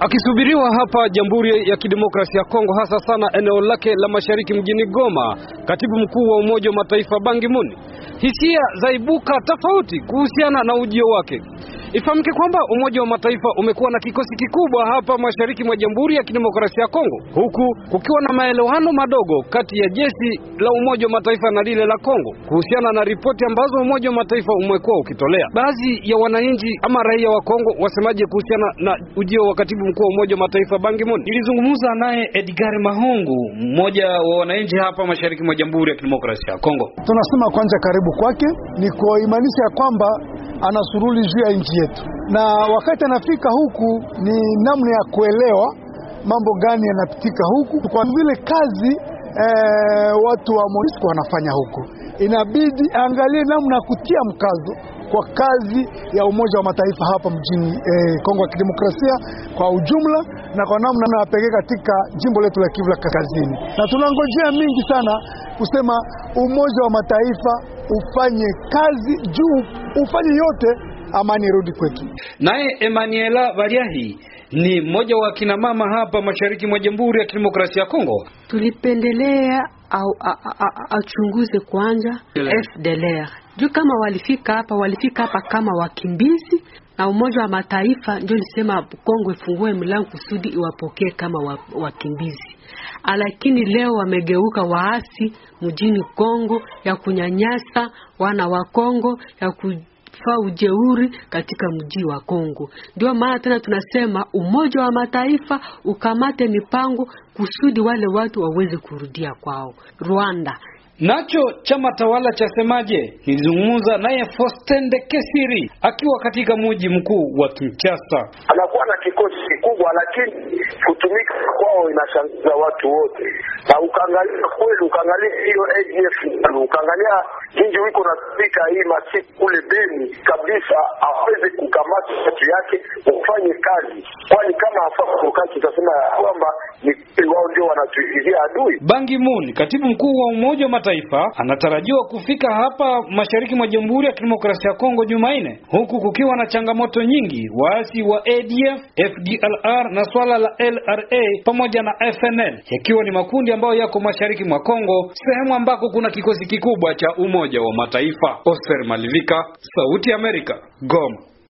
Akisubiriwa hapa Jamhuri ya Kidemokrasia ya Kongo, hasa sana eneo lake la mashariki mjini Goma, katibu mkuu wa Umoja wa Mataifa Ban Ki-moon, hisia zaibuka tofauti kuhusiana na ujio wake. Ifahamike kwamba Umoja wa Mataifa umekuwa na kikosi kikubwa hapa mashariki mwa Jamhuri ya Kidemokrasia ya Kongo, huku kukiwa na maelewano madogo kati ya jeshi la Umoja wa Mataifa na lile la Kongo kuhusiana na ripoti ambazo Umoja wa Mataifa umekuwa ukitolea. Baadhi ya wananchi ama raia wa Kongo wasemaje kuhusiana na ujio wa katibu mkuu wa Umoja wa Mataifa Ban Nilizungumza naye Edgar Mahungu, mmoja wa wananchi hapa mashariki mwa Jamhuri ya Kidemokrasia ya Kongo. Tunasema kwanza karibu kwake ni kuimanisha kwamba anasuruli juu ya nchi yetu, na wakati anafika huku ni namna ya kuelewa mambo gani yanapitika huku, kwa vile kazi eh, watu wa MONUSCO wanafanya huku, inabidi aangalie namna ya kutia mkazo kwa kazi ya Umoja wa Mataifa hapa mjini eh, Kongo ya Kidemokrasia kwa ujumla na kwa namna na pekee katika jimbo letu la Kivu la Kaskazini, na tunangojea mingi sana kusema Umoja wa Mataifa ufanye kazi juu ufanye yote, amani irudi kwetu. Naye emanuela Variahi ni mmoja wa kina mama hapa mashariki mwa Jamhuri ya Kidemokrasia ya Kongo. Tulipendelea au achunguze kwanza FDLR juu kama walifika hapa, walifika hapa kama wakimbizi na Umoja wa Mataifa ndio lisema Kongo ifungue mlango kusudi iwapokee kama wakimbizi. Ah, lakini leo wamegeuka waasi mjini Kongo ya kunyanyasa wana wa Kongo ya ku fa ujeuri katika mji wa Kongo. Ndio maana tena tunasema Umoja wa Mataifa ukamate mipango kusudi wale watu waweze kurudia kwao Rwanda. Nacho chama tawala chasemaje? Nilizungumza naye Fostende Kesiri akiwa katika mji mkuu wa Kinshasa. Anakuwa na kikosi kikubwa, lakini kutumika kwa wanashangiza watu wote, na ukaangalia kweli, ukaangalia hiyo ADF, ukaangalia inji wiko spika hii masiku kule Beni kabisa, aweze kukamata watu yake ufanye kazi, kwani kama hafanye kazi tutasema kwamba ni Maanake wao ndio wanatuingia adui. Ban Ki-moon, katibu mkuu wa Umoja wa Mataifa, anatarajiwa kufika hapa mashariki mwa Jamhuri ya Kidemokrasia ya Kongo Jumanne, huku kukiwa na changamoto nyingi, waasi wa ADF, FDLR na swala la LRA pamoja na FNL yakiwa ni makundi ambayo yako mashariki mwa Kongo, sehemu ambako kuna kikosi kikubwa cha Umoja wa Mataifa. Oscar Malivika, Sauti ya Amerika, Goma.